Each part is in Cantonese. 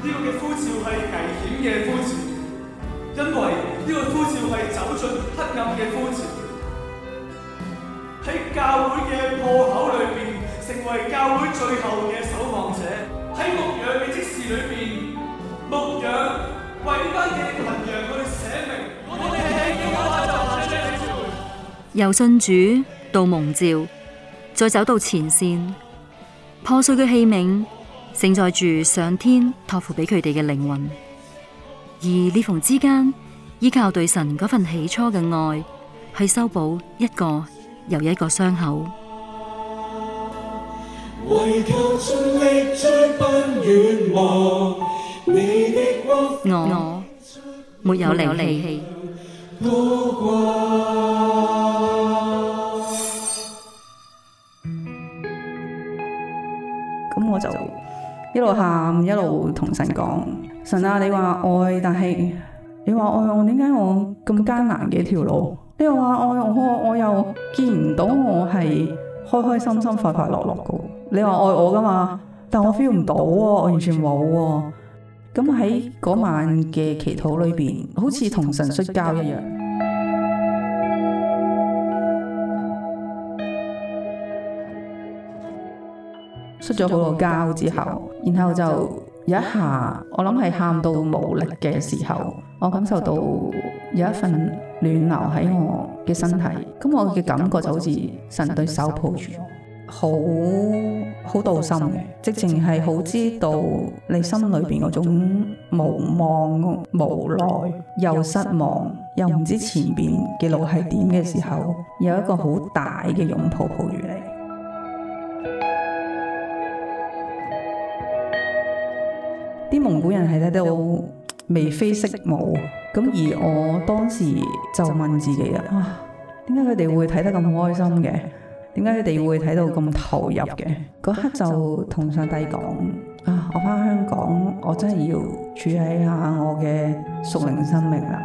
呢個嘅呼召係危險嘅呼召，因為呢個呼召係走進黑暗嘅呼召，喺教會嘅破口裏邊，成為教會最後嘅守望者，喺牧養嘅職事裏邊，牧養回歸嘅群羊去寫明。由信主到蒙召，再走到前線，破碎嘅器皿。盛載住上天託付俾佢哋嘅靈魂，而裂縫之間，依靠對神嗰份起初嘅愛，去修補一個又一個傷口。 我我沒有離棄，咁 我就。一路喊，一路同神講：神啊，你話愛，但係你話愛我，點解我咁艱難嘅一條路？你話愛我，我又我又見唔到我係開開心心、快快樂樂㗎。你話愛我㗎嘛？但我 feel 唔到喎、啊，我完全冇喎、啊。咁喺嗰晚嘅祈禱裏邊，好似同神摔跤一樣。出咗好多交之後，然後就有一下，我諗係喊到無力嘅時候，我感受到有一份暖流喺我嘅身體，咁我嘅感覺就好似神對手抱住，好好到心嘅，直情係好知道你心裏面嗰種無望、無奈又失望，又唔知前面嘅路係點嘅時候，有一個好大嘅擁抱抱住你。蒙古人係睇到眉飛色舞，咁而我當時就問自己啊，點解佢哋會睇得咁開心嘅？點解佢哋會睇到咁投入嘅？嗰刻就同上帝講啊，我翻香港，我真係要處理下我嘅屬靈生命啦。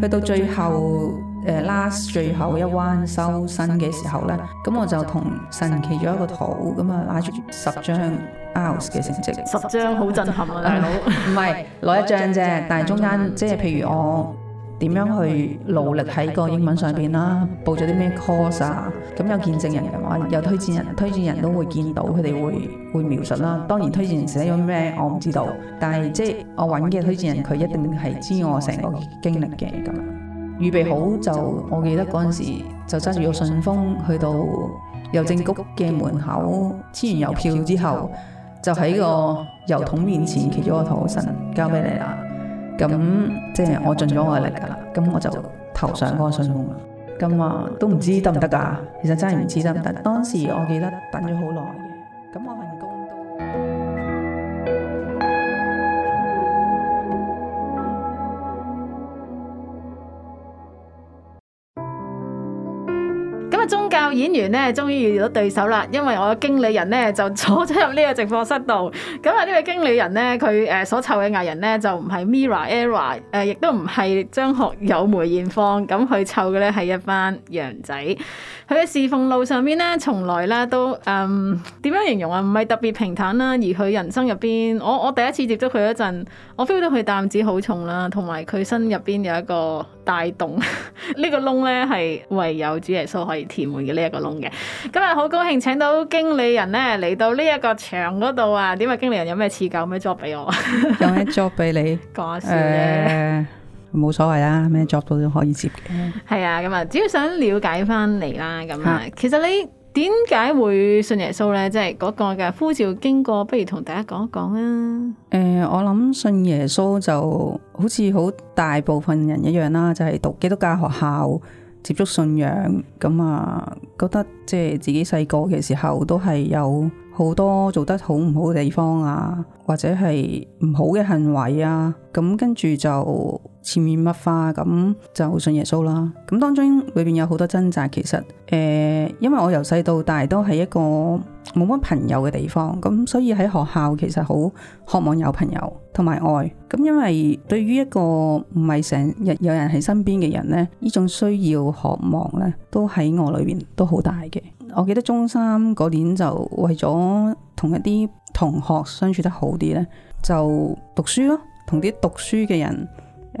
去到最後。誒 last 最後一彎收身嘅時候呢，咁我就同神奇咗一個圖，咁啊攞出十張 AUS 嘅成績， 十張好震撼啊！大佬， 唔係攞一張啫， 但係中間 即係譬如我點樣去努力喺個英文上面啦，報咗啲咩 course 啊，咁有、嗯、見證人嘅話，嗯、有推薦人，推薦人都會見到，佢哋會會描述啦。當然推薦人寫咗咩我唔知道， 但係即係我揾嘅推薦人，佢一定係知道我成個經歷嘅。預備好就，我記得嗰陣時就揸住個信封去到郵政局嘅門口，黐完郵票之後，就喺個郵筒面前攜咗個土神交俾你啦。咁即係我盡咗我力㗎啦。咁我就投上嗰個信封啦。咁啊都唔知得唔得㗎？其實真係唔知得唔得。當時我記得等咗好耐。演員咧，終於遇到對手啦！因為我經理人咧就坐咗入呢個直播室度。咁、嗯、啊，呢位經理人咧，佢誒、呃、所湊嘅藝人咧就唔係 Mira Era 誒、呃、亦都唔係張學友、梅艷芳，咁佢湊嘅咧係一班羊仔。佢喺侍奉路上面咧，從來咧都嗯，點樣形容啊？唔係特別平坦啦，而佢人生入邊，我我第一次接觸佢嗰陣，我 feel 到佢擔子好重啦，同埋佢身入邊有一個。帶動大 呢個窿咧，係唯有主耶穌可以填滿嘅呢一個窿嘅。今日好高興請到經理人咧嚟到呢一個場嗰度啊！點解經理人有咩賜教，咩 job 俾我？ 有咩 job 俾你？講下笑啫，冇、呃、所謂啊，咩 job 都都可以接嘅。係 啊，咁啊，主要想了解翻你啦。咁啊，其實你。點解會信耶穌呢？即係嗰個嘅呼召經過，不如同大家講一講啊？誒、呃，我諗信耶穌就好似好大部分人一樣啦，就係、是、讀基督教學校接觸信仰咁啊，覺得即係自己細個嘅時候都係有好多做得好唔好嘅地方啊，或者係唔好嘅行為啊，咁跟住就。前面物化咁就信耶穌啦。咁當中裏邊有好多掙扎，其實誒、欸，因為我由細到大都係一個冇乜朋友嘅地方，咁所以喺學校其實好渴望有朋友同埋愛。咁因為對於一個唔係成日有人喺身邊嘅人呢，呢種需要渴望呢都喺我裏面都好大嘅。我記得中三嗰年就為咗同一啲同學相處得好啲呢，就讀書咯，同啲讀書嘅人。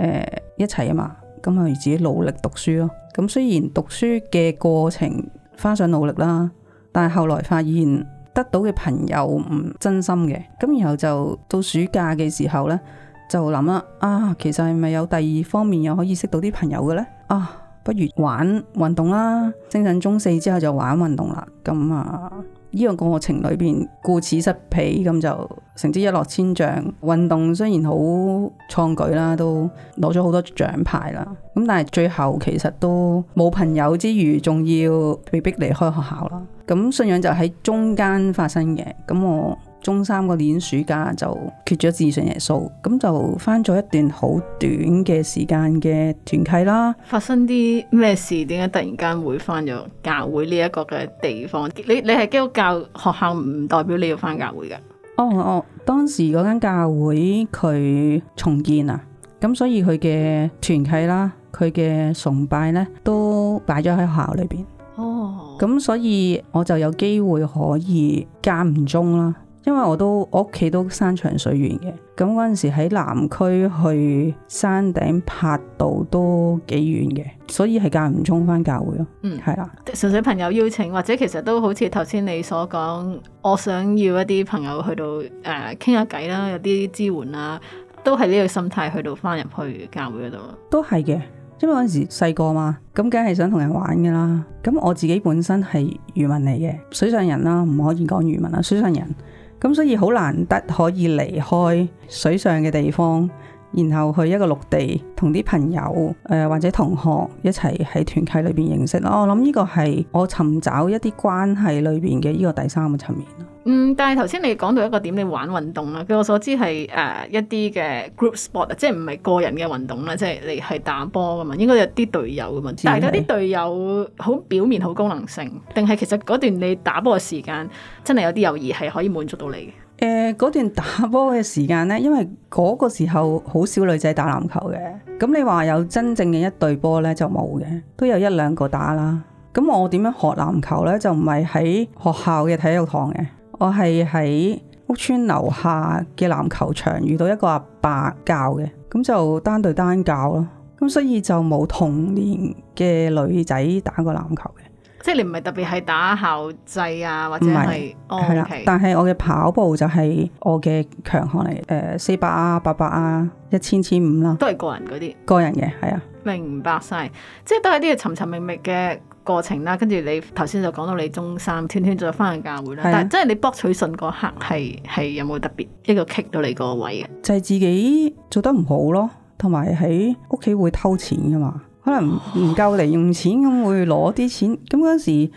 誒、呃，一齊啊嘛，咁啊自己努力讀書咯。咁雖然讀書嘅過程花上努力啦，但係後來發現得到嘅朋友唔真心嘅。咁然後就到暑假嘅時候呢，就諗啦，啊，其實係咪有第二方面又可以識到啲朋友嘅呢？啊，不如玩運動啦。升上中四之後就玩運動啦。咁、嗯、啊。呢個過程裏面，顧此失彼，咁就成績一落千丈。運動雖然好創舉啦，都攞咗好多獎牌啦，咁但係最後其實都冇朋友之餘，仲要被逼離開學校啦。咁信仰就喺中間發生嘅，咁我。中三嗰年暑假就決咗志信耶穌，咁就返咗一段好短嘅時間嘅團契啦。發生啲咩事？點解突然間會返咗教會呢一個嘅地方？你你係基督教學校唔代表你要返教會㗎。哦哦，當時嗰間教會佢重建啊，咁所以佢嘅團契啦，佢嘅崇拜，呢都擺咗喺學校裏邊。哦，咁所以我就有機會可以間唔中啦。因為我都我屋企都山長水遠嘅，咁嗰陣時喺南區去山頂柏道都幾遠嘅，所以係間唔中翻教會咯。嗯，係啦的，純粹朋友邀請，或者其實都好似頭先你所講，我想要一啲朋友去到誒傾、呃、下偈啦，有啲支援啦，都係呢個心態去到翻入去教會度。都係嘅，因為嗰陣時細個嘛，咁梗係想同人玩㗎啦。咁我自己本身係漁民嚟嘅水上人啦，唔可以講漁民啦，水上人。咁所以好難得可以離開水上嘅地方。然後去一個陸地同啲朋友誒、呃、或者同學一齊喺團契裏邊認識咯，我諗呢個係我尋找一啲關係裏邊嘅呢個第三個層面，嗯，但係頭先你講到一個點，你玩運動啦，據我所知係誒、呃、一啲嘅 group sport 即係唔係個人嘅運動啦，即係你係打波㗎嘛，應該有啲隊友噶嘛。問題係，但係嗰啲隊友好表面好功能性，定係其實嗰段你打波嘅時間真係有啲友誼係可以滿足到你嘅？誒，嗰、嗯、段打波嘅時間呢，因為嗰個時候好少女仔打籃球嘅，咁你話有真正嘅一隊波呢，就冇嘅，都有一兩個打啦。咁我點樣學籃球呢？就唔係喺學校嘅體育堂嘅，我係喺屋村樓下嘅籃球場遇到一個阿伯教嘅，咁就單對單教咯。咁所以就冇同年嘅女仔打過籃球嘅。即係你唔係特別係打校際啊，或者係係啦。但係我嘅跑步就係我嘅強項嚟。誒、呃，四百啊，八百啊，一千千五啦，都係個人嗰啲個人嘅係啊。明白晒，即係都係啲尋尋覓覓嘅過程啦。跟住你頭先就講到你中三，天天再翻去教會啦、啊。的但係即係你博取信嗰刻，係係有冇特別一個 kick 到你個位啊？就係自己做得唔好咯，同埋喺屋企會偷錢噶嘛。可能唔唔夠零用錢咁會攞啲錢，咁嗰時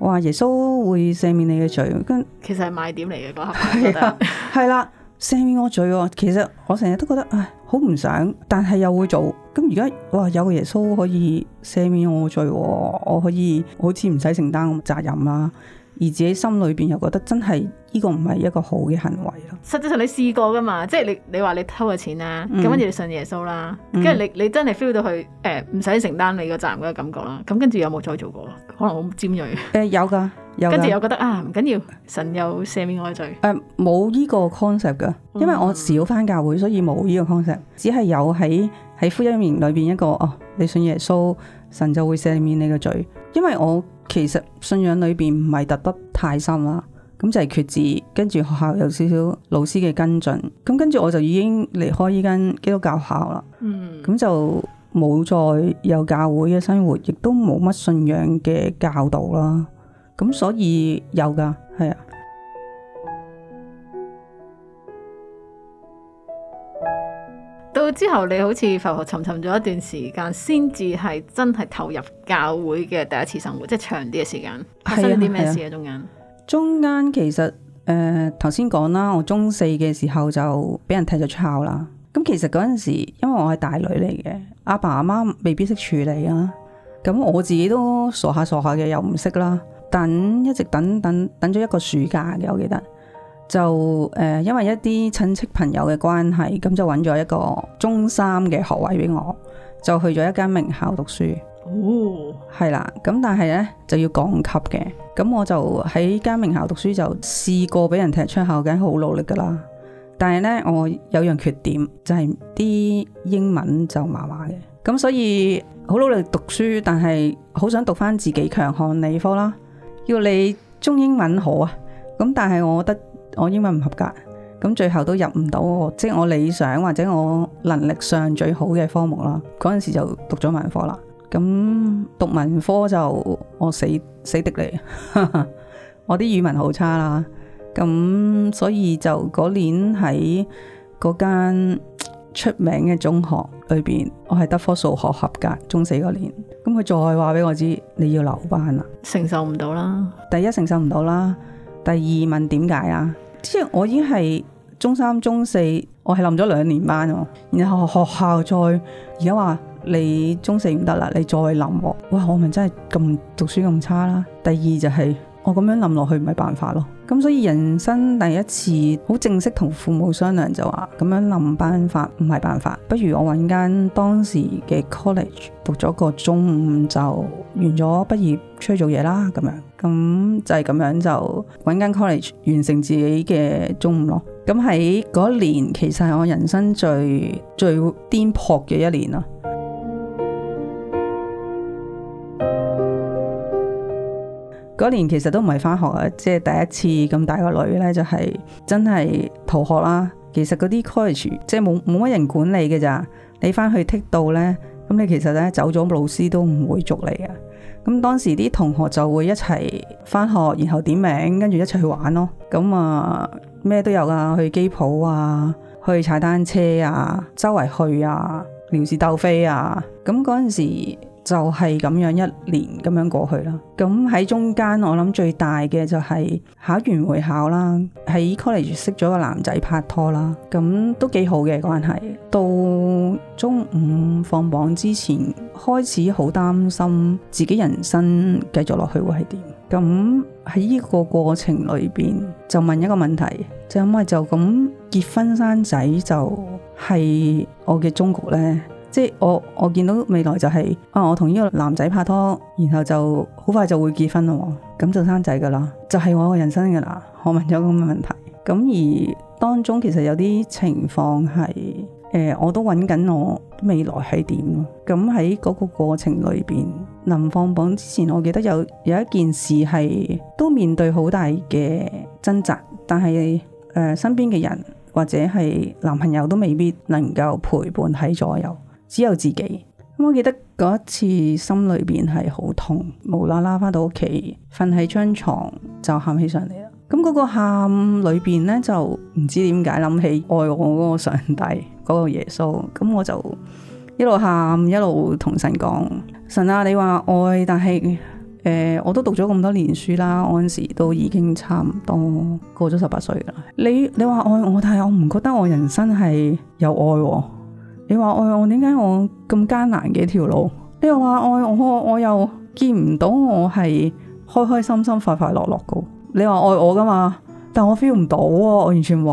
哇耶穌會赦免你嘅罪，跟其實係賣點嚟嘅啩。係啦、啊啊，赦免我罪，其實我成日都覺得唉，好唔想，但係又會做，咁而家哇，有個耶穌可以赦免我罪，我可以我好似唔使承擔責任啦。而自己心裏邊又覺得真係呢個唔係一個好嘅行為咯。實際上你試過噶嘛？即係你你話你偷嘅錢啦、啊，咁、嗯、跟住你信耶穌啦，跟住、嗯、你你真係 feel 到佢誒唔使承擔你個責任嘅感覺啦。咁跟住有冇再做過？可能好尖鋭。誒有噶，有，有。跟住又覺得啊唔緊要，神有赦免罪。誒冇呢個 concept 噶，因為我少返教會，所以冇呢個 concept。嗯、只係有喺喺福音營裏邊一個哦，你信耶穌。神就會赦免你個罪，因為我其實信仰裏邊唔係特得太深啦，咁就係決志，跟住學校有少少老師嘅跟進，咁跟住我就已經離開呢間基督教校啦，咁、嗯、就冇再有教會嘅生活，亦都冇乜信仰嘅教導啦，咁所以有噶，係啊。到之後你好似浮浮沉沉咗一段時間，先至係真係投入教會嘅第一次生活，即係長啲嘅時間。發生咗啲咩事啊？啊中間中間其實誒，頭先講啦，我中四嘅時候就俾人踢咗出校啦。咁其實嗰陣時，因為我係大女嚟嘅，阿爸阿媽未必識處理啊。咁我自己都傻下傻下嘅，又唔識啦。等一直等等等咗一個暑假嘅，我記得。就誒，因為一啲親戚朋友嘅關係，咁就揾咗一個中三嘅學位俾我，就去咗一間名校讀書。哦，係啦，咁但係呢，就要降級嘅，咁我就喺間名校讀書就試過俾人踢出校，梗係好努力噶啦。但係呢，我有樣缺點就係啲英文就麻麻嘅，咁所以好努力讀書，但係好想讀翻自己強項理科啦。要你中英文好啊，咁但係我覺得。我英文唔合格，咁最後都入唔到我，即我理想或者我能力上最好嘅科目啦。嗰陣就讀咗文科啦，咁讀文科就我死死的嚟， 我啲語文好差啦，咁所以就嗰年喺嗰間出名嘅中學裏面，我係得科數學合格。中四嗰年，咁佢再話俾我知你要留班啦，承受唔到啦。第一承受唔到啦，第二問點解啊？即係我已經係中三中四，我係冧咗兩年班喎，然後學校再，而家話你中四唔得啦，你再冧喎，哇我咪真係咁讀書咁差啦。第二就係、是。我咁樣諗落去唔係辦法咯，咁所以人生第一次好正式同父母商量就話，咁樣諗辦法唔係辦法，不如我揾間當時嘅 college 讀咗個中五就完咗畢業出去做嘢啦咁樣，咁就係咁樣就揾間 college 完成自己嘅中五咯。咁喺嗰一年其實係我人生最最顛簸嘅一年咯。嗰年其實都唔係返學啊，即係第一次咁大個女呢，就係真係逃學啦。其實嗰啲 college 即係冇冇乜人管理嘅咋，你返去剔到呢，咁你其實咧走咗，老師都唔會捉你啊。咁當時啲同學就會一齊返學，然後點名，跟住一齊去玩咯。咁啊咩都有啊，去機鋪啊，去踩單車啊，周圍去啊，聊是鬥非啊。咁嗰陣時。就係咁樣一年咁樣過去啦。咁喺中間，我諗最大嘅就係考完會考啦，喺 college 識咗個男仔拍拖啦，咁都幾好嘅關係。到中午放榜之前，開始好擔心自己人生繼續落去會係點。咁喺呢個過程裏邊，就問一個問題，就係咪就咁結婚生仔就係我嘅終局咧？即係我，我見到未來就係、是啊、我同呢個男仔拍拖，然後就好快就會結婚咯，咁就生仔噶啦，就係、是、我嘅人生噶啦。我問咗咁嘅問題，而當中其實有啲情況係、呃、我都揾緊我未來係點咯。咁喺嗰個過程裏面，臨放榜之前，我記得有有一件事係都面對好大嘅掙扎，但係、呃、身邊嘅人或者係男朋友都未必能夠陪伴喺左右。只有自己咁，我記得嗰一次心裏邊係好痛，無啦啦翻到屋企，瞓喺張床就喊起上嚟啦。咁嗰個喊裏邊呢，就唔知點解諗起愛我嗰個上帝嗰個耶穌，咁我就一路喊一路同神講：神啊，你話愛，但係誒、呃、我都讀咗咁多年書啦，我嗰時都已經差唔多過咗十八歲啦。你你話愛我，但係我唔覺得我人生係有愛，哦。你話愛我，點解我咁艱難嘅條路？你又話愛我,我，我又見唔到我係開開心心、快快樂樂噶。你話愛我噶嘛？但我 feel 唔到喎，我完全冇。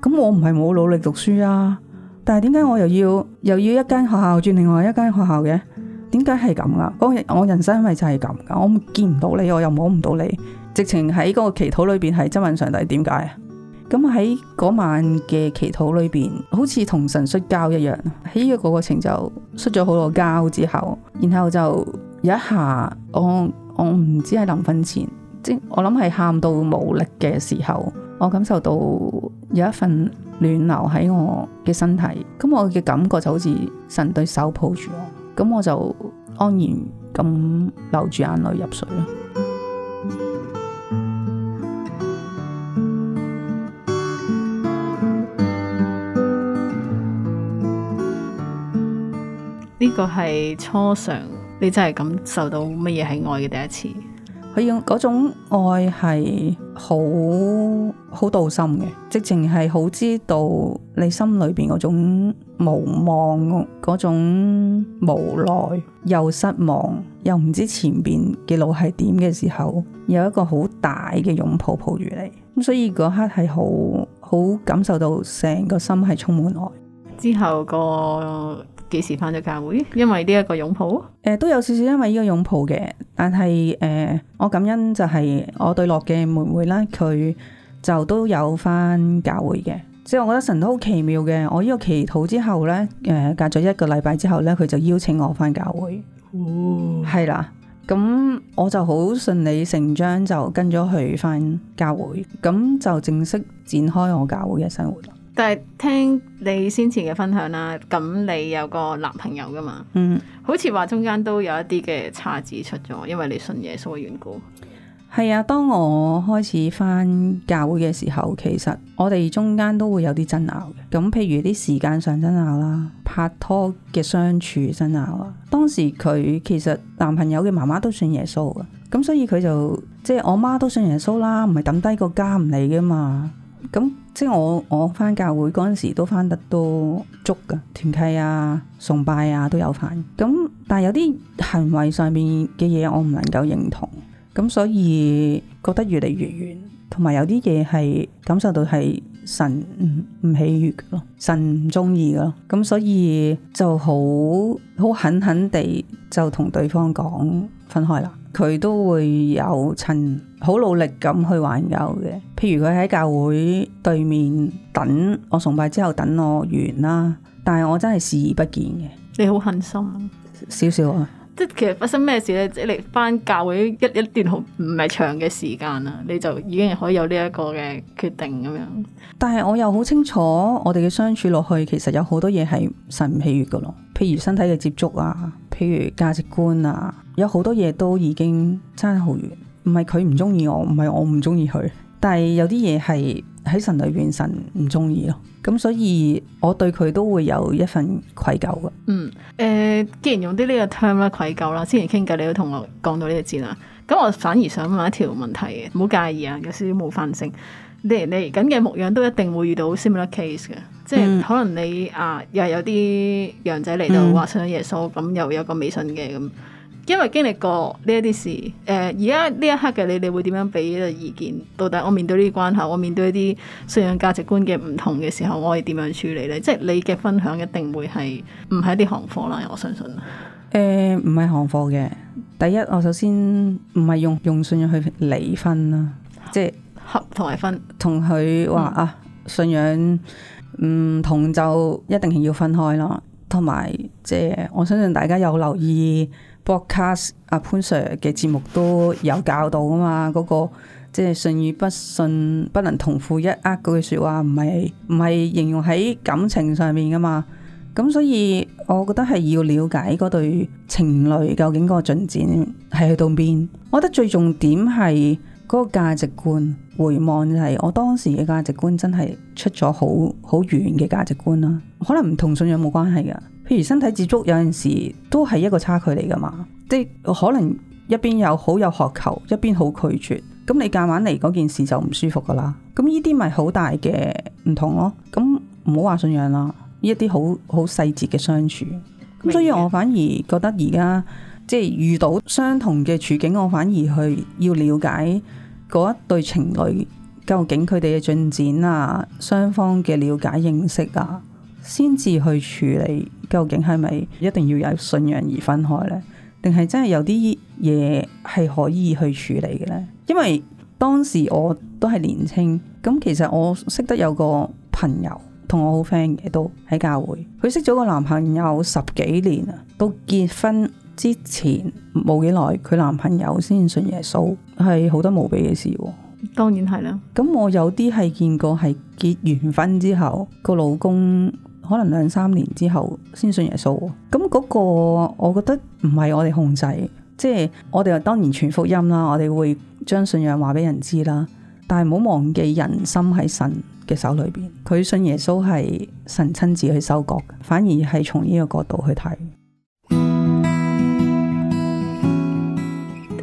咁我唔係冇努力讀書啊，但係點解我又要又要一間學校轉另外一間學校嘅？點解係咁啊？我我人生咪就係咁噶？我見唔到你，我又摸唔到你，直情喺嗰個祈禱裏邊係質問上帝點解？咁喺嗰晚嘅祈禱裏面，好似同神摔跤一樣，喺呢個過程就摔咗好多跤之後，然後就有一下，我我唔知係臨瞓前，即我諗係喊到無力嘅時候，我感受到有一份暖流喺我嘅身體，咁我嘅感覺就好似神對手抱住我，咁我就安然咁流住眼淚入睡啦。個係初嘗，你真係感受到乜嘢係愛嘅第一次。佢用嗰種愛係好好到心嘅，直情係好知道你心裏邊嗰種無望、嗰種無奈、又失望、又唔知前邊嘅路係點嘅時候，有一個好大嘅擁抱抱住你。咁所以嗰刻係好好感受到成個心係充滿愛。之後，那個。幾時翻咗教會？因為呢一個擁抱，誒、呃、都有少少因為呢個擁抱嘅，但係誒、呃、我感恩就係我對落嘅妹妹啦，佢就都有翻教會嘅，即係我覺得神都好奇妙嘅，我呢個祈禱之後呢，誒、呃、隔咗一個禮拜之後呢，佢就邀請我翻教會，係、哦、啦，咁我就好順理成章就跟咗佢翻教會，咁就正式展開我教會嘅生活。但係聽你先前嘅分享啦，咁你有個男朋友噶嘛？嗯，好似話中間都有一啲嘅岔子出咗，因為你信耶穌嘅緣故。係啊，當我開始返教會嘅時候，其實我哋中間都會有啲爭拗嘅。咁譬如啲時間上爭拗啦，拍拖嘅相處爭拗啊。當時佢其實男朋友嘅媽媽都信耶穌嘅，咁所以佢就即係、就是、我媽都信耶穌啦，唔係抌低個家唔理噶嘛。咁即我我返教會嗰陣時都返得都足㗎，團契啊、崇拜啊都有返。咁但有啲行為上面嘅嘢我唔能夠認同，咁所以覺得越嚟越遠，同埋有啲嘢係感受到係神唔唔喜悅咯，神唔中意咯，咁所以就好好狠狠地就同對方講分開啦。佢都會有趁好努力咁去挽救嘅，譬如佢喺教會對面等我崇拜之後等我完啦，但係我真係視而不見嘅。你好狠心，少少啊！即係其實發生咩事咧？即係你翻教會一一段好唔係長嘅時間啦，你就已經可以有呢一個嘅決定咁樣。但係我又好清楚，我哋嘅相處落去，其實有好多嘢係神唔喜悅噶咯。譬如身體嘅接觸啊，譬如價值觀啊，有好多嘢都已經差好遠。唔係佢唔中意我，唔係我唔中意佢，但係有啲嘢係。喺神裏邊，神唔中意咯，咁所以我對佢都會有一份愧疚嘅。嗯，誒、呃，既然用啲呢個 term 啦，愧疚啦，之前傾偈你都同我講到呢隻字啦，咁我反而想問一條問題嘅，唔好介意啊，有少少冒犯性。你嚟緊嘅牧養都一定會遇到 similar case 嘅，即係、嗯、可能你啊又有啲羊仔嚟到話信耶穌，咁、嗯、又有個微信嘅咁。因為經歷過呢一啲事，誒、呃，而家呢一刻嘅你，你會點樣俾個意見？到底我面對呢啲關係，我面對一啲信仰價值觀嘅唔同嘅時候，我係點樣處理呢？即係你嘅分享一定會係唔係一啲行貨啦，我相信。誒、呃，唔係行貨嘅。第一，我首先唔係用用信仰去離婚啦，即係同，同佢分，同佢話啊，信仰唔同就一定係要分開啦。同埋，即係我相信大家有留意，broadcast 阿潘 sir 嘅節目都有教到啊嘛，嗰、嗰個即係信與不信不能同負一軛，嗰句說話唔係，唔係唔係形容喺感情上面噶嘛？咁所以我覺得係要了解嗰對情侶究竟嗰個進展係去到邊。我覺得最重點係嗰個價值觀，回望就係我當時嘅價值觀真係出咗好好遠嘅價值觀啦，可能唔同信仰冇關係噶。譬如身體接觸有陣時都係一個差距嚟噶嘛，即係可能一邊有好有渴求，一邊好拒絕，咁你夾硬嚟嗰件事就唔舒服噶啦。咁呢啲咪好大嘅唔同咯。咁唔好話信仰啦，呢一啲好好細節嘅相處。咁所以，我反而覺得而家即係遇到相同嘅處境，我反而去要了解嗰一對情侶究竟佢哋嘅進展啊，雙方嘅了解認識啊，先至去處理。究竟係咪一定要有信仰而分開呢？定係真係有啲嘢係可以去處理嘅呢？因為當時我都係年輕，咁其實我識得有個朋友同我好 friend 嘅，都喺教會，佢識咗個男朋友十幾年啊，到結婚之前冇幾耐，佢男朋友先信耶穌，係好得無比嘅事。當然係啦。咁我有啲係見過係結完婚之後個老公。可能兩三年之後先信耶穌，咁嗰個我覺得唔係我哋控制，即係我哋又當然傳福音啦，我哋會將信仰話俾人知啦，但係唔好忘記人心喺神嘅手裏邊，佢信耶穌係神親自去收割，反而係從呢個角度去睇。誒，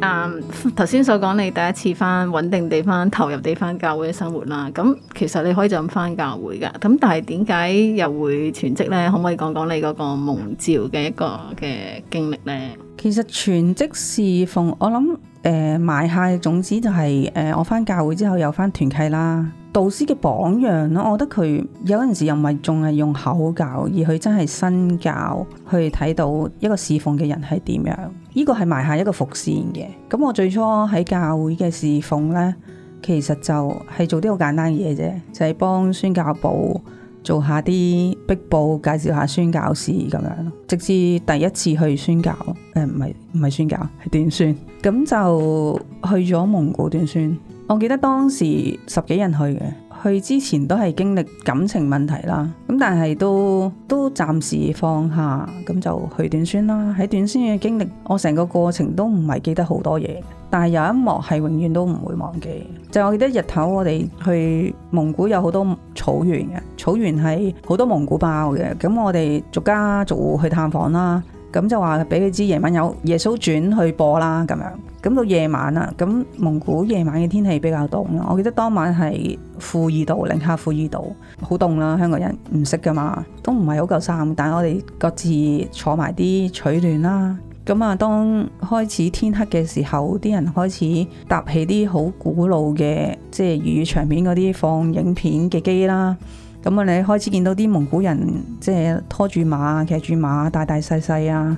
頭先、um, 所講你第一次翻穩定地方投入地方教會嘅生活啦，咁其實你可以就咁翻教會噶，咁但係點解又會全職呢？可唔可以講講你嗰個蒙召嘅一個嘅經歷呢？其實全職侍奉，我諗誒埋下嘅種子就係、是、誒、呃、我翻教會之後又翻團契啦。導師嘅榜樣咯，我覺得佢有陣時又唔係仲係用口教，而佢真係身教去睇到一個侍奉嘅人係點樣，呢個係埋下一個伏線嘅。咁我最初喺教會嘅侍奉咧，其實就係做啲好簡單嘅嘢啫，就係、是、幫宣教部做下啲壁報，介紹下宣教士咁樣咯。直至第一次去宣教，誒唔係唔係宣教，係短宣，咁就去咗蒙古短宣。我記得當時十幾人去嘅，去之前都係經歷感情問題啦，咁但係都都暫時放下，咁就去短宣啦。喺短宣嘅經歷，我成個過程都唔係記得好多嘢，但係有一幕係永遠都唔會忘記，就我記得日頭我哋去蒙古有好多草原嘅，草原係好多蒙古包嘅，咁我哋逐家逐戶去探訪啦。咁就話俾佢知，夜晚有耶穌傳去播啦，咁樣。咁到夜晚啦，咁蒙古夜晚嘅天氣比較凍啦。我記得當晚係負二度，零下負二度，好凍啦。香港人唔識㗎嘛，都唔係好夠衫。但係我哋各自坐埋啲取暖啦。咁啊，當開始天黑嘅時候，啲人開始搭起啲好古老嘅，即係粵語場面嗰啲放影片嘅機啦。咁啊！你開始見到啲蒙古人，即係拖住馬、騎住馬，大大細細啊！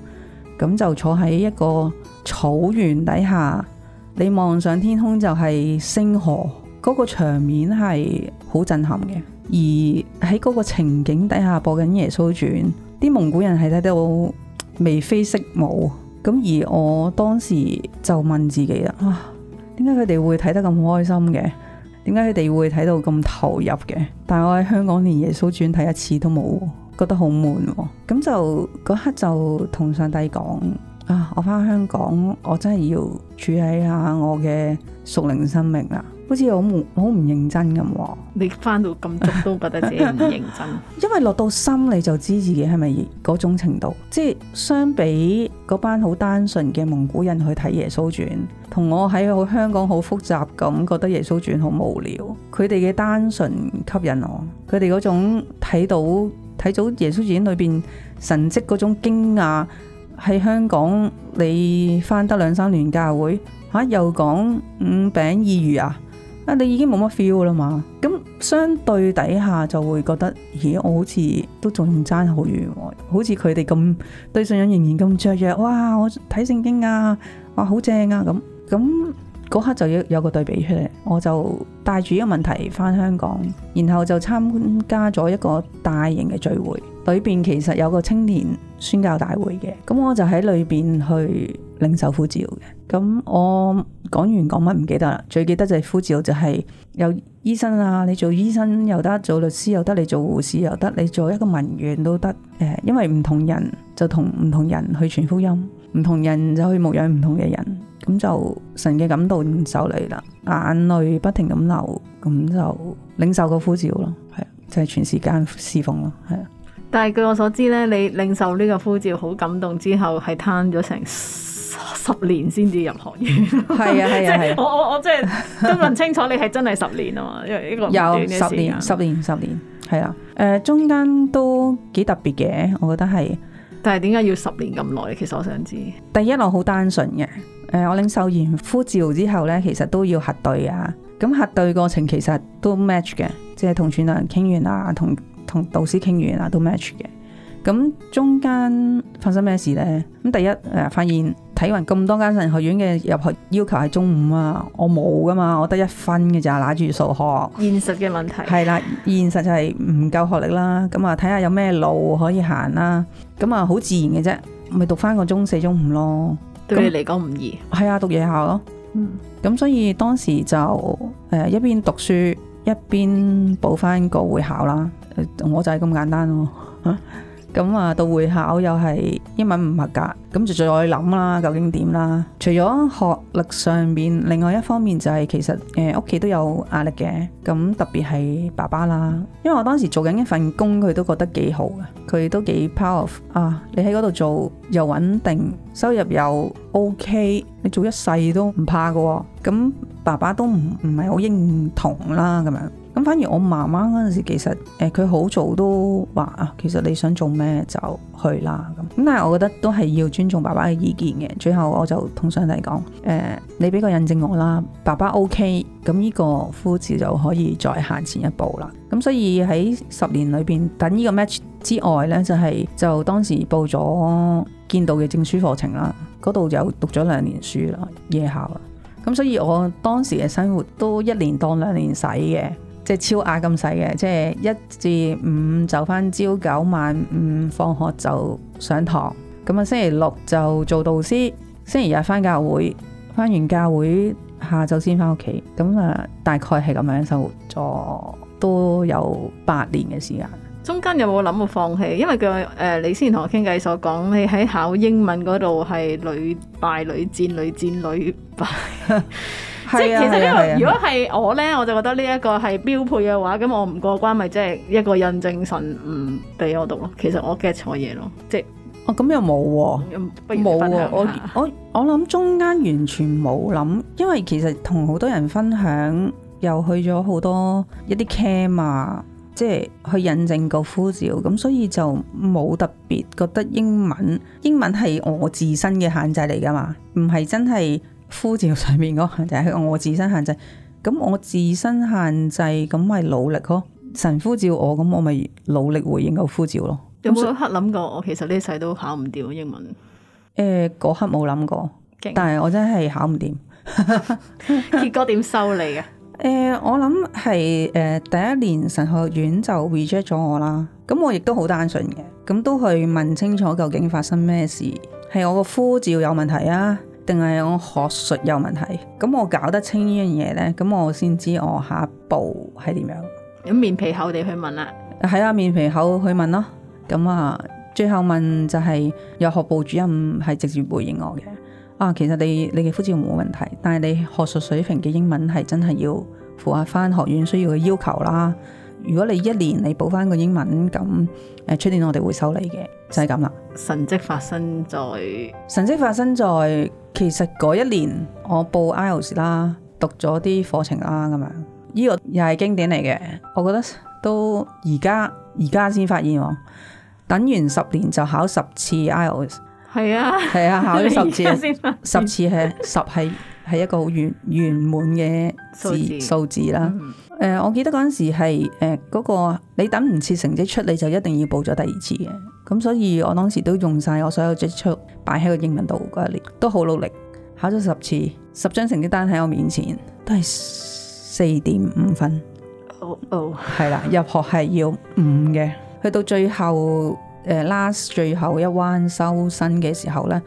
咁就坐喺一個草原底下，你望上天空就係星河，嗰個場面係好震撼嘅。而喺嗰個情景底下播緊耶穌傳，啲蒙古人係睇到眉飛色舞。咁而我當時就問自己啦：啊，點解佢哋會睇得咁開心嘅？點解佢哋會睇到咁投入嘅？但係我喺香港連耶穌傳睇一次都冇，覺得好悶。咁就嗰刻就同上帝講：啊，我翻香港，我真係要處理下我嘅屬靈生命啦。好似好唔好唔認真咁喎？你翻到咁足都覺得自己唔認真， 因為落到心你就知自己係咪嗰種程度。即係相比嗰班好單純嘅蒙古人去睇耶穌傳，同我喺好香港好複雜咁，覺得耶穌傳好無聊。佢哋嘅單純吸引我，佢哋嗰種睇到睇到耶穌傳裏邊神蹟嗰種驚訝，喺香港你翻得兩三年教會嚇、啊、又講五餅二魚啊！啊！你已經冇乜 feel 啦嘛，咁相對底下就會覺得，咦！我好似都仲爭好遠喎，哦，好似佢哋咁對信仰仍然咁雀躍。哇！我睇聖經啊，哇，好正啊咁，咁嗰刻就要有個對比出嚟。我就帶住一個問題翻香港，然後就參加咗一個大型嘅聚會，裏邊其實有個青年宣教大會嘅，咁我就喺裏邊去。領受呼召嘅，咁，我講完講乜唔記得啦。最記得就係呼召，就係有醫生啊，你做醫生又得，做律師又得，你做護士又得，你做一個文員都得。誒，因為唔同人就同唔同人去傳福音，唔同人就去牧養唔同嘅人，咁就神嘅感動就嚟啦。眼淚不停咁流，咁就領受個呼召咯。係就係、是、全時間侍奉咯，係。但係據我所知呢，你領受呢個呼召好感動之後，係攤咗成。十年先至入學院， 係啊係啊係！我我我即係都問清楚，你係真係十年啊嘛？因為呢個有十年，十年，十年，十年，係啊！誒，中間都幾特別嘅，我覺得係。但係點解要十年咁耐？其實我想知。第一，我好單純嘅。誒，我領受完呼召之後咧，其實都要核對啊。咁核對過程其實都 match 嘅，即係同傳道人傾完啊，同同導師傾完啊，都 match 嘅。咁中間發生咩事咧？咁第一誒、呃，發現。睇完咁多間神學院嘅入學要求係中五啊，我冇噶嘛，我得一分嘅咋，拿住數學。現實嘅問題。係啦，現實就係唔夠學歷啦，咁啊睇下有咩路可以行啦，咁啊好自然嘅啫，咪讀翻個中四中五咯。對你嚟講唔易。係啊，讀夜校咯。嗯。咁所以當時就誒一邊讀書一邊補翻個會考啦，我就係咁簡單咯，啊。 咁啊，到會考又係英文唔合格，咁就再諗啦，究竟點啦？除咗學歷上面，另外一方面就係其實誒屋企都有壓力嘅，咁特別係爸爸啦，因為我當時做緊一份工，佢都覺得幾好嘅，佢都幾 proud of 啊！你喺嗰度做又穩定，收入又 OK，你做一世都唔怕嘅喎。咁爸爸都唔唔係好認同啦，咁樣。咁反而我媽媽嗰陣時，其實誒佢好早都話啊，其實你想做咩就去啦咁。咁但係我覺得都係要尊重爸爸嘅意見嘅。最後我就同上帝講誒，你俾個印證我啦，爸爸 OK，咁呢個呼召就可以再行前一步啦。咁所以喺十年裏邊，等呢個 match 之外呢，就係、是、就當時報咗見到嘅證書課程啦。嗰度就讀咗兩年書啦，夜校啦。咁所以我當時嘅生活都一年當兩年使嘅。即超額咁細嘅，即係一至五就返朝九晚五，晚放學就上堂。咁啊，星期六就做導師，星期日返教會，返完教會下晝先返屋企。咁啊，大概係咁樣就做都有八年嘅時間。中間有冇諗過放棄？因為佢誒、呃，你先前同我傾偈所講，你喺考英文嗰度係屢敗屢戰，屢戰屢敗。 啊、即係、啊、其實、呢個，因為、啊、如果係我咧，我就覺得呢一個係標配嘅話，咁我唔過關，咪即係一個印證神唔俾、嗯、我讀咯。其實我 get 錯嘢咯，即係哦咁又冇喎、啊，冇喎，我我我諗中間完全冇諗，因為其實同好多人分享，又去咗好多一啲 camp 啊，即係去印證個呼召，咁所以就冇特別覺得英文英文係我自身嘅限制嚟㗎嘛，唔係真係。呼召上面嗰就係我自身限制，咁我自身限制咁咪努力咯。神呼召我，咁我咪努力回應個呼召咯。有冇一刻諗過我、嗯、其實呢世都考唔到英文？誒、呃，嗰刻冇諗過，害但係我真係考唔掂。 結果點收你啊？誒、呃，我諗係誒第一年神學院就 reject 咗我啦。咁我亦都好單純嘅，咁都去問清楚究竟發生咩事，係我個呼召有問題啊？定係我學術有問題，咁我搞得清呢樣嘢呢。咁我先知我下一步係點樣。咁面皮厚哋去問啦、啊，係啊，面皮厚去問咯。咁啊，最後問就係、是、有學部主任係直接回應我嘅。啊，其實你你嘅呼召冇問題，但係你學術水平嘅英文係真係要符合翻學院需要嘅要求啦。如果你一年你補翻個英文咁，誒出年我哋會收你嘅，就係咁啦。神蹟發生在神蹟發生在其實嗰一年我報 IELTS 啦，讀咗啲課程啦咁樣，呢、這個又係經典嚟嘅。我覺得都而家而家先發現喎，等完十年就考十次 IELTS，係啊係啊，啊 考咗十次，十次係 十係係一個好圓圓滿嘅數字數,字數字啦。誒、呃，我記得嗰陣時係誒嗰個你等唔切成績出，你就一定要報咗第二次嘅。咁所以我當時都用晒我所有積蓄擺喺個英文度嗰一年，都好努力，考咗十次，十張成績單喺我面前，都係四點五分。哦哦，係啦，入學係要五嘅。去到最後誒 last、呃、最後一彎收身嘅時候咧，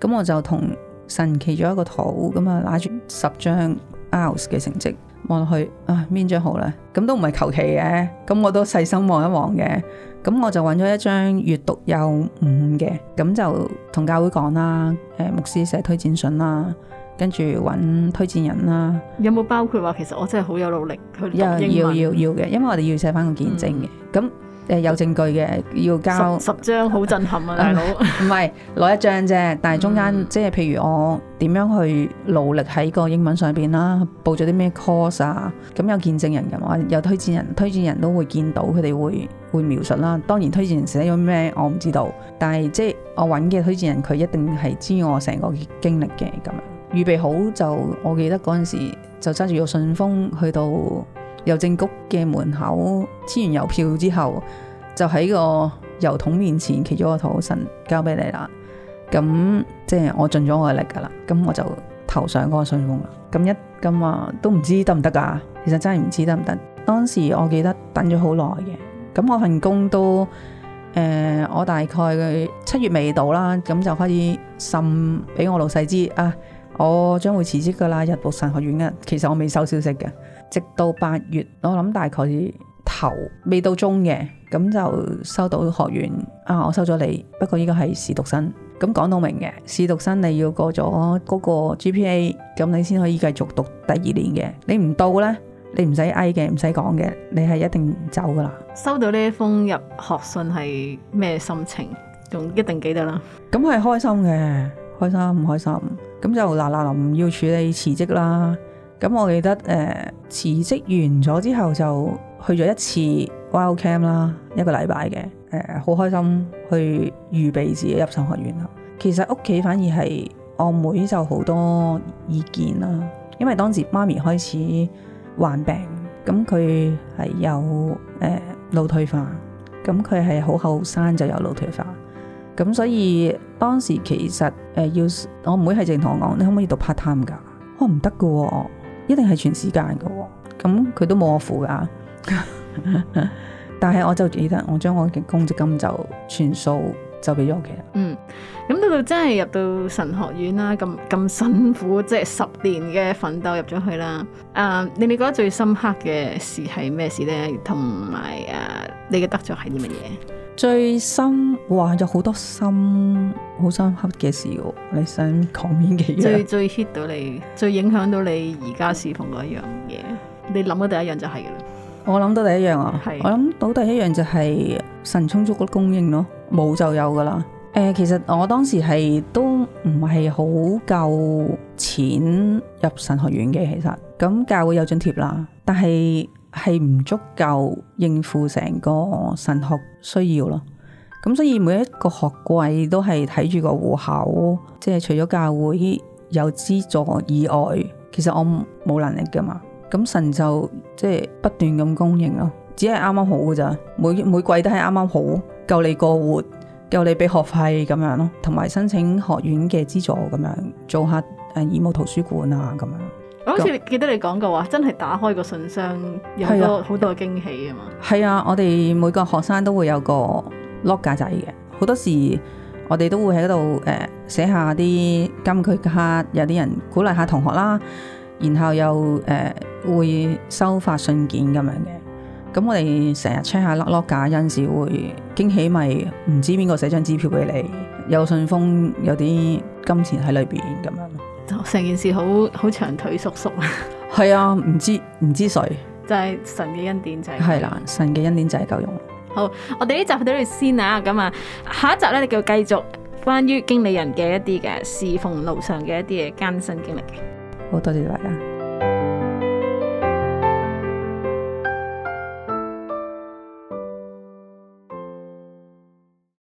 咁我就同神祈咗一個禱咁啊，攞住十張 IELTS 嘅成績。望落去，啊，邊張好咧？咁都唔係求其嘅，咁我都細心望一望嘅。咁我就揾咗一張閱讀有五嘅，咁就同教會講啦。誒，牧師寫推薦信啦，跟住揾推薦人啦。有冇包括話，其實我真係好有努力去讀英文？要要要要嘅，因為我哋要寫翻個見證嘅。咁、嗯。誒，有證據嘅要交十,十張，好震撼啊，大佬 唔係攞一張啫，但係中間即係、嗯、譬如我點樣去努力喺個英文上邊啦，報咗啲咩 course 啊，咁有見證人嘅話，有推薦人，推薦人都會見到佢哋會會描述啦。當然推薦人寫咗咩我唔知道，但係即係我揾嘅推薦人佢一定係知我成個經歷嘅咁樣。預備好就我記得嗰陣時就揸住個信封去到。郵政局嘅門口黐完郵票之後，就喺個郵筒面前企咗個陀神交俾你啦。咁即係我盡咗我嘅力噶啦。咁我就投上嗰個信封啦。咁一咁啊，都唔知得唔得啊？其實真係唔知得唔得。當時我記得等咗好耐嘅。咁我份工都誒、呃，我大概七月未到啦，咁就開始滲俾我老細知啊，我將會辭職噶啦，入讀神學院嘅。其實我未收消息嘅。直到八月，我諗大概頭未到中嘅，咁就收到學員啊，我收咗你，不過依個係試讀生，咁講到明嘅，試讀生你要過咗嗰個 GPA，咁你先可以繼續讀第二年嘅，你唔到呢，你唔使嗌嘅，唔使講嘅，你係一定走噶啦。收到呢一封入學信係咩心情？仲一定記得啦？咁係開心嘅，開心唔開心？咁就嗱嗱臨要處理辭職啦。咁我記得誒辭、呃、職完咗之後就去咗一次 Wild Camp 啦，一個禮拜嘅誒，好、呃、開心去預備自己入神學院啦。其實屋企反而係我妹就好多意見啦，因為當時媽咪開始患病，咁佢係有誒腦、呃、退化，咁佢係好後生就有腦退化，咁所以當時其實誒要、呃、我妹係正同我講，你可唔可以讀 part time 噶？我唔得嘅喎。一定係全時間噶、哦，咁佢都冇我付噶， 但係我就記得我將我嘅公積金就全數就俾咗屋企啦。嗯，咁到到真係入到神學院啦，咁咁辛苦即係十年嘅奮鬥入咗去啦。誒、呃，你你覺得最深刻嘅事係咩事咧？同埋誒，你嘅得著係啲乜嘢？最深，哇！有好多深、好深刻嘅事哦。你想講邊幾樣？最最 hit 到你，最影響到你而家事奉嗰一樣嘢。嗯、你諗到第一樣就係嘅啦。我諗到第一樣啊，我諗到第一樣、啊、係就係神充足嘅供應咯。冇就有噶啦。誒、呃，其實我當時係都唔係好夠錢入神學院嘅，其實咁教會有津貼啦，但係，係唔足夠應付成個神學需要咯，咁所以每一個學季都係睇住個戶口，即係除咗教會有資助以外，其實我冇能力噶嘛，咁神就即係不斷咁供應咯，只係啱啱好噶咋，每每季都係啱啱好，夠你過活，夠你俾學費咁樣咯，同埋申請學院嘅資助咁樣，做下誒義務圖書館啊咁樣。好似記得你講過話，真係打開個信箱有好多，係啊，好多驚喜啊嘛？係啊，我哋每個學生都會有個 locker 仔嘅，好多時我哋都會喺度誒寫下啲金句卡，有啲人鼓勵下同學啦，然後又誒、呃、會收發信件咁樣嘅。咁我哋成日 check 下 locker locker 架，有陣時會驚喜，咪唔知邊個寫張支票俾你，有信封，有啲金錢喺裏邊咁樣。成件事好好長腿叔叔 啊，係啊，唔知唔知誰就係神嘅恩典，就係係啦，神嘅恩典就係夠用。好，我哋呢集去到呢度先啊，咁啊下一集咧，就繼續關於經理人嘅一啲嘅侍奉路上嘅一啲嘅艱辛經歷嘅，好多謝大家。